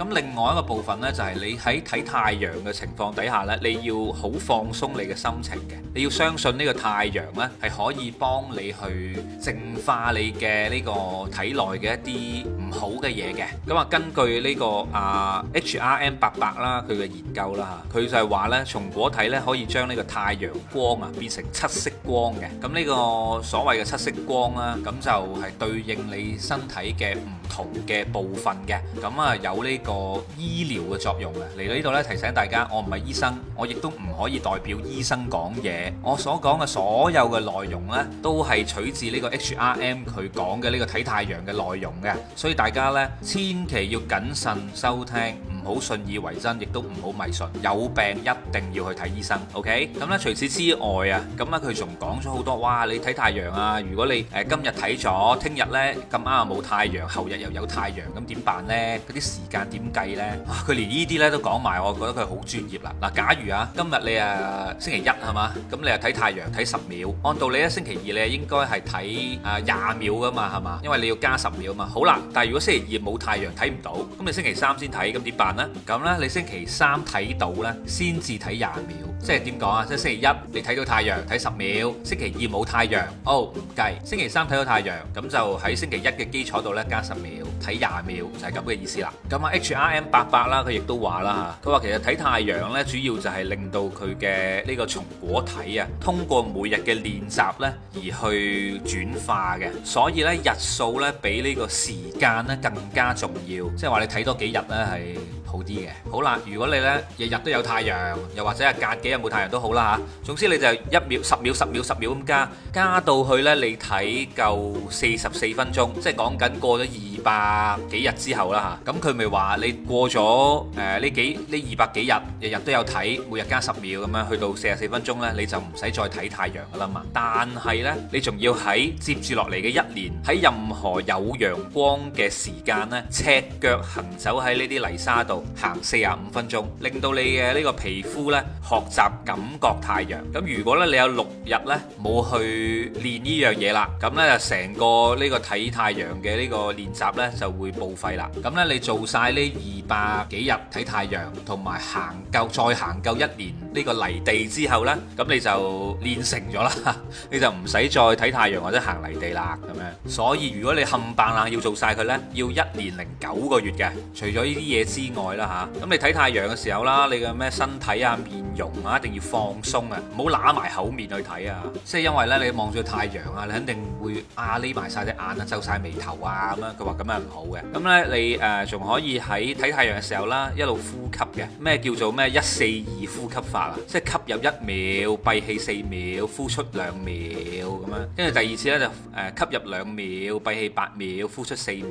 咁另外一個部分呢，就係你喺睇太陽嘅情況底下呢，你要好放鬆你嘅心情嘅，你要相信呢個太陽呢，係可以幫你去淨化你嘅呢個體內嘅一啲好嘅嘢嘅，咁啊，根據呢個啊 H R M 伯伯啦，佢嘅研究啦，佢就係話咧，松果體咧可以將呢個太陽光啊變成七色光嘅，咁呢個所謂嘅七色光啦，咁就係對應你身體嘅唔同嘅部分嘅，咁啊有呢個醫療嘅作用啊。嚟到呢度咧，提醒大家，我唔係醫生，我亦都唔可以代表醫生講嘢，我所講嘅所有嘅內容咧，都係取自呢個 H R M 佢講嘅呢個睇太陽嘅內容嘅，所以。大家咧，千萬要謹慎收聽。唔好信以為真，亦都唔好迷信。有病一定要去睇醫生，OK？咁咧除此之外啊，咁咧佢仲講咗好多。哇！你睇太陽啊，如果你誒今日睇咗，聽日咧咁啱啊冇太陽，後日又有太陽，咁點辦咧？嗰啲時間點計咧？佢連呢啲咧都講埋，我覺得佢好專業啦。嗱，假如啊，今日你誒星期一係嘛？咁你又睇太陽睇十秒，按道理咧星期二咧應該係睇誒廿秒噶嘛係嘛？因為你要加十秒嘛。好啦，但係如果星期二冇太陽睇唔到，咁你星期三先睇，咁點辦？咁咧，你星期三睇到呢，先至睇廿秒。即係點講啊？即係星期一你睇到太陽睇十秒，星期二冇太陽，哦唔計。星期三睇到太陽，咁就喺星期一嘅基礎度呢，加十秒，睇廿秒就係咁嘅意思啦。咁啊，H R M 八八啦，佢亦都話啦嚇，佢話其實睇太陽呢，主要就係令到佢嘅呢個松果體啊，通過每日嘅練習呢，而去轉化嘅，所以呢，日數呢，比呢個時間呢更加重要。即係話你睇多幾日呢，係。好啲嘅，好啦，如果你咧日日都有太陽，又或者係隔幾日冇太陽都好啦吓，總之你就一秒、十秒、十秒、十秒咁加，加到去咧，你睇夠四十四分鐘，即係講緊過咗二百幾日之後啦嚇，咁佢咪話你過咗誒呢幾呢二百幾日，日日都有睇，每日加十秒咁樣去到四十四分鐘呢，你就唔使再睇太陽噶啦嘛。但係呢，你仲要喺接住落嚟嘅一年，喺任何有陽光嘅時間呢，赤腳行走喺呢啲泥沙度行四十五分鐘，令到你嘅呢個皮膚呢學習感覺太陽。咁如果咧你有六日呢冇去練呢樣嘢啦，咁呢就成個呢個睇太陽嘅呢個練習。咧就會報廢啦。咁咧，你做曬呢二百幾日睇太陽，同埋行夠再行夠一年呢個泥地之後咧，咁你就練成咗啦。你就唔使再睇太陽或者行泥地啦。咁樣，所以如果你冚唪唥要做曬佢咧，要一年零九個月嘅。除咗呢啲嘢之外啦嚇，咁你睇太陽嘅時候啦，你嘅咩身體啊、面容啊，一定要放鬆啊，唔好揦埋口面去睇啊。即係因為咧，你望住太陽啊，你肯定會啊眯埋曬隻眼啊，皺曬眉頭啊咁樣。佢話。咁係唔好嘅，咁咧你誒仲、呃、可以喺睇太陽嘅時候啦，一路呼吸嘅，咩叫做咩一四二呼吸法啊？即係吸入一秒，閉氣四秒，呼出兩秒咁啊。跟住第二次咧就誒吸入兩秒，閉氣八秒，呼出四秒。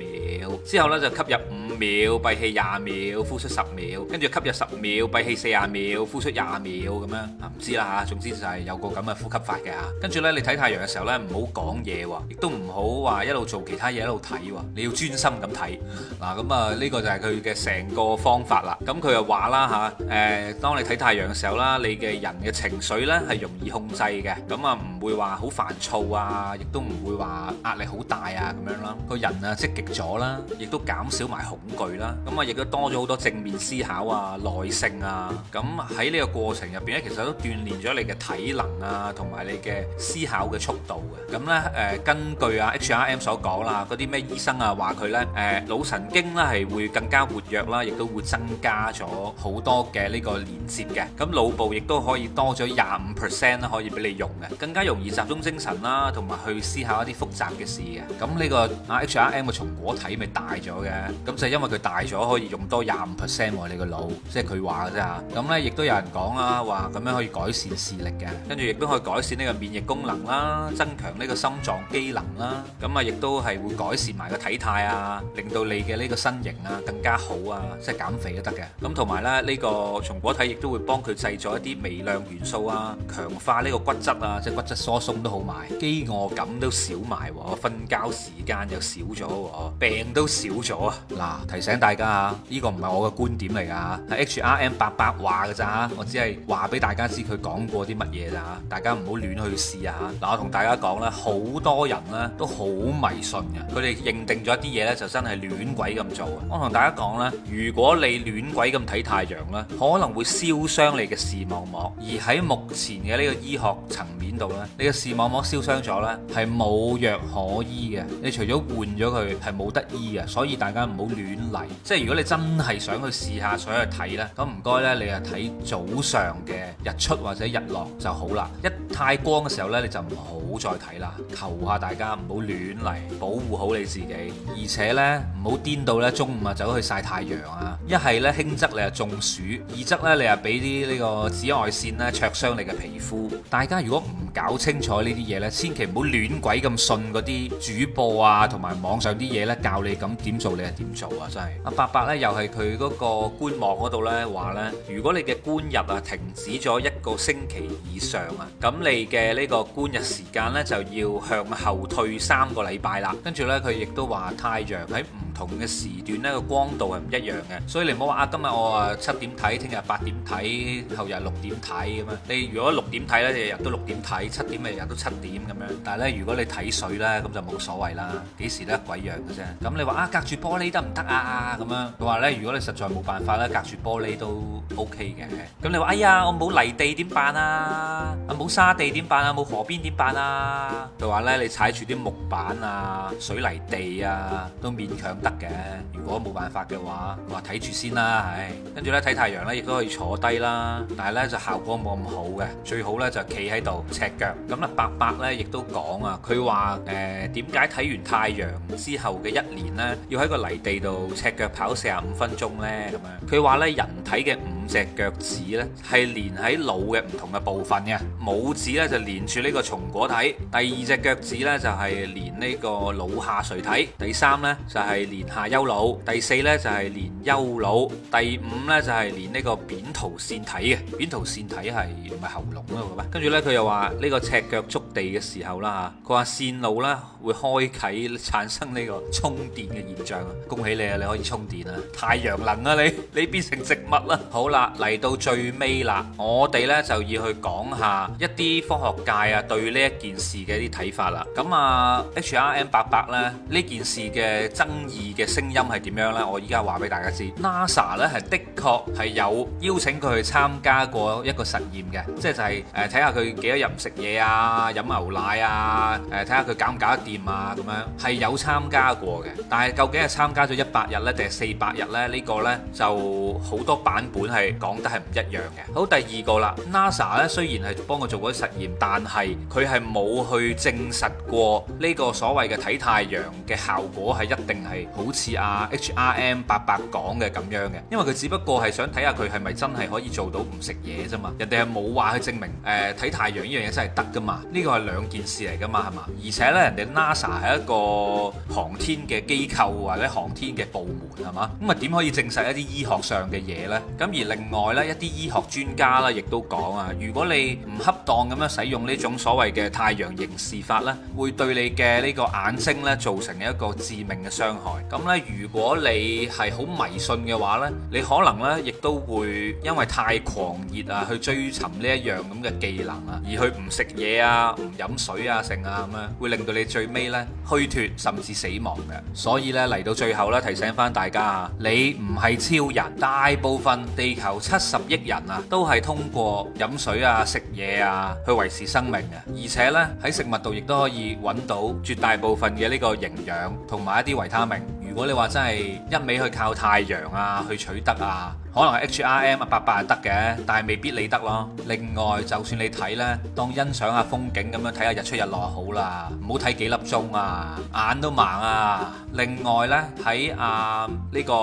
之後咧就吸入五秒，閉氣廿秒，呼出十秒。跟住吸入十秒，閉氣四廿秒，呼出廿秒咁啊。唔知啦嚇，總之就係有個咁嘅呼吸法嘅嚇。跟住咧你睇太陽嘅時候咧，唔好講嘢喎，亦都唔好話一路做其他嘢一路睇喎，你要，專心咁睇，嗱，咁啊呢個就係佢嘅成個方法啦。咁佢又話啦吓，誒，當你睇太陽嘅時候啦，你嘅人嘅情緒呢係容易控制嘅，咁啊唔會話好煩躁啊，亦都唔會話壓力好大啊咁樣啦。個人啊積極咗啦，亦都減少埋恐懼啦，咁啊亦都多咗好多正面思考啊、耐性啊。咁喺呢個過程入邊呢，其實都鍛鍊咗你嘅體能啊，同埋你嘅思考嘅速度嘅。咁呢誒，根據啊 HRM 所講啦，嗰啲咩醫生啊話。佢咧，誒腦神經咧係會更加活躍啦，亦都會增加咗好多嘅呢個連接嘅。咁腦部亦都可以多咗廿五 percent 啦，可以俾你用嘅，更加容易集中精神啦，同埋去思考一啲複雜嘅事嘅。咁呢個 H R M 嘅松果體咪大咗嘅，咁就因為佢大咗可以用多廿五 percent 喎你個腦，即係佢話嘅啫嚇。咁咧亦都有人講啦，話咁樣可以改善視力嘅，跟住亦都可以改善呢個免疫功能啦，增強呢個心臟機能啦。咁啊，亦都係會改善埋個體態。啊，令到你嘅呢個身形啊更加好啊，即係減肥都得嘅。咁同埋咧，呢個松果體亦都會幫佢製作一啲微量元素啊，強化呢個骨質啊，即係骨質疏鬆都好埋，飢餓感都少埋，瞓覺時間又少咗，病都少咗。啊。嗱，提醒大家啊，呢個唔係我嘅觀點嚟噶，係 H R M 八八話噶咋，我只係話俾大家知佢講過啲乜嘢咋，大家唔好亂去試啊。嗱，我同大家講啦，好多人呢都好迷信嘅，佢哋認定咗一啲。嘢咧就真係亂鬼咁做啊！我同大家講咧，如果你亂鬼咁睇太陽咧，可能會燒傷你嘅視網膜。而喺目前嘅呢個醫學層面度呢，你嘅視網膜燒傷咗呢，係冇藥可醫嘅。你除咗換咗佢，係冇得醫嘅。所以大家唔好亂嚟。即係如果你真係想去試下，想去睇呢，咁唔該呢，你啊睇早上嘅日出或者日落就好啦。一太光嘅時候呢，你就唔好再睇啦。求下大家唔好亂嚟，保護好你自己。而且咧唔好癲到咧，中午啊走去曬太陽啊！一係咧，輕則你又中暑；二則咧，你又俾啲呢個紫外線咧灼傷你嘅皮膚。大家如果唔搞清楚呢啲嘢咧，千祈唔好亂鬼咁信嗰啲主播啊，同埋網上啲嘢咧教你咁點做，你又點做啊？真係阿伯伯咧又係佢嗰個官網嗰度咧話咧，如果你嘅觀日啊停止咗一個星期以上啊，咁你嘅呢個觀日時間咧就要向後退三個禮拜啦。跟住咧，佢亦都話。太陽喺唔？Okay? 同嘅時段咧個光度係唔一樣嘅，所以你唔好話啊，今日我啊七點睇，聽日八點睇，後日六點睇咁樣。你如果六點睇咧，你日日都六點睇，七點咪日日都七點咁樣。但係咧，如果你睇水咧，咁就冇所謂啦，幾時都一鬼樣嘅啫。咁你話啊，隔住玻璃得唔得啊？咁樣佢話咧，如果你實在冇辦法咧，隔住玻璃都 OK 嘅。咁你話哎呀，我冇泥地點辦啊？啊冇沙地點辦啊？冇河邊點辦啊？佢話咧，你踩住啲木板啊、水泥地啊，都勉強嘅，如果冇辦法嘅話，佢話睇住先啦，唉，跟住呢睇太陽呢，亦都可以坐低啦，但係呢，就效果冇咁好嘅，最好呢，就企喺度，赤腳。咁啊，伯伯呢，亦都講啊，佢話誒點解睇完太陽之後嘅一年呢，要喺個泥地度赤腳跑四十五分鐘呢？咁樣，佢話呢，人體嘅唔隻腳趾咧係連喺腦嘅唔同嘅部分嘅，拇指咧就連住呢個松果體，第二隻腳趾咧就係連呢個腦下垂體，第三咧就係連下丘腦，第四咧就係連丘腦，第五咧就係連呢個扁桃腺體嘅，扁桃腺體係唔係喉嚨嗰個咩？跟住咧佢又話呢個赤腳觸地嘅時候啦嚇，佢話線路咧會開啟產生呢個充電嘅現象啊！恭喜你啊，你可以充電啊，太陽能啊你，你變成植物啦，好啦。嚟到最尾啦，我哋呢就要去講下一啲科學界啊對呢一件事嘅一啲睇法啦。咁啊，H R M 伯伯呢，呢件事嘅爭議嘅聲音係點樣呢？我依家話俾大家知。NASA 呢，係的確係有邀請佢去參加過一個實驗嘅，即係就係誒睇下佢幾多日唔食嘢啊，飲牛奶啊，誒睇下佢搞唔搞得掂啊咁樣，係有參加過嘅。但係究竟係參加咗一百日呢定係四百日呢？呢、這個呢就好多版本係。講得係唔一樣嘅。好第二個啦，NASA 咧，雖然係幫我做嗰啲實驗，但係佢係冇去證實過呢個所謂嘅睇太陽嘅效果係一定係好似阿 H R M 伯伯講嘅咁樣嘅，因為佢只不過係想睇下佢係咪真係可以做到唔食嘢啫嘛，人哋係冇話去證明誒睇太陽呢樣嘢真係得噶嘛，呢個係兩件事嚟噶嘛，係嘛，而且咧人哋 NASA 係一個航天嘅機構或者航天嘅部門，係嘛，咁啊點可以證實一啲醫學上嘅嘢呢？咁而另外咧，一啲醫學專家啦，亦都講啊，如果你唔恰當咁樣使用呢種所謂嘅太陽凝視法咧，會對你嘅呢個眼睛咧造成一個致命嘅傷害。咁咧，如果你係好迷信嘅話咧，你可能咧亦都會因為太狂熱啊，去追尋呢一樣咁嘅技能啊，而去唔食嘢啊，唔飲水啊，成啊咁樣，會令到你最尾咧虛脱甚至死亡嘅。所以咧，嚟到最後咧，提醒翻大家啊，你唔係超人，大部分地後七十億人啊，都係通過飲水啊，食嘢啊去維持生命嘅，而且呢，喺食物度亦都可以揾到絕大部分嘅呢個營養同埋一啲維他命。如果你話真係一味去靠太陽啊去取得啊。可能係 H R M 啊伯伯係得嘅，但係未必你得咯。另外，就算你睇咧，當欣賞下風景咁樣睇下日出日落好啦，唔好睇幾粒鐘啊，眼都盲啊。另外咧，喺啊呢個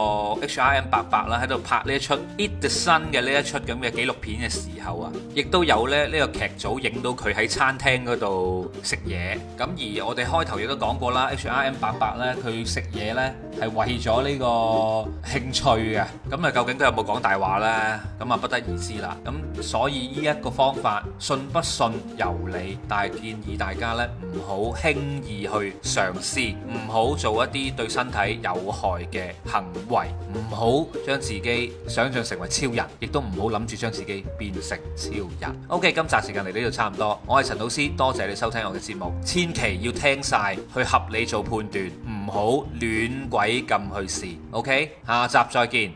H R M 伯伯啦，喺度拍呢一出 Eat the Sun 嘅呢一出咁嘅紀錄片嘅時候啊，亦都有咧呢個劇組影到佢喺餐廳嗰度食嘢。咁而我哋開頭亦都講過啦，H R M 伯伯咧，佢食嘢咧係為咗呢個興趣嘅。咁啊，究竟佢有冇？講大話咧，咁啊不得而知啦。咁所以呢一個方法，信不信由你，但係建議大家呢，唔好輕易去嘗試，唔好做一啲對身體有害嘅行為，唔好將自己想象成為超人，亦都唔好諗住將自己變成超人。OK，今集時間嚟到呢度差唔多，我係陳老師，多謝你收聽我嘅節目，千祈要聽晒，去合理做判斷，唔好亂鬼咁去試。OK，下集再見。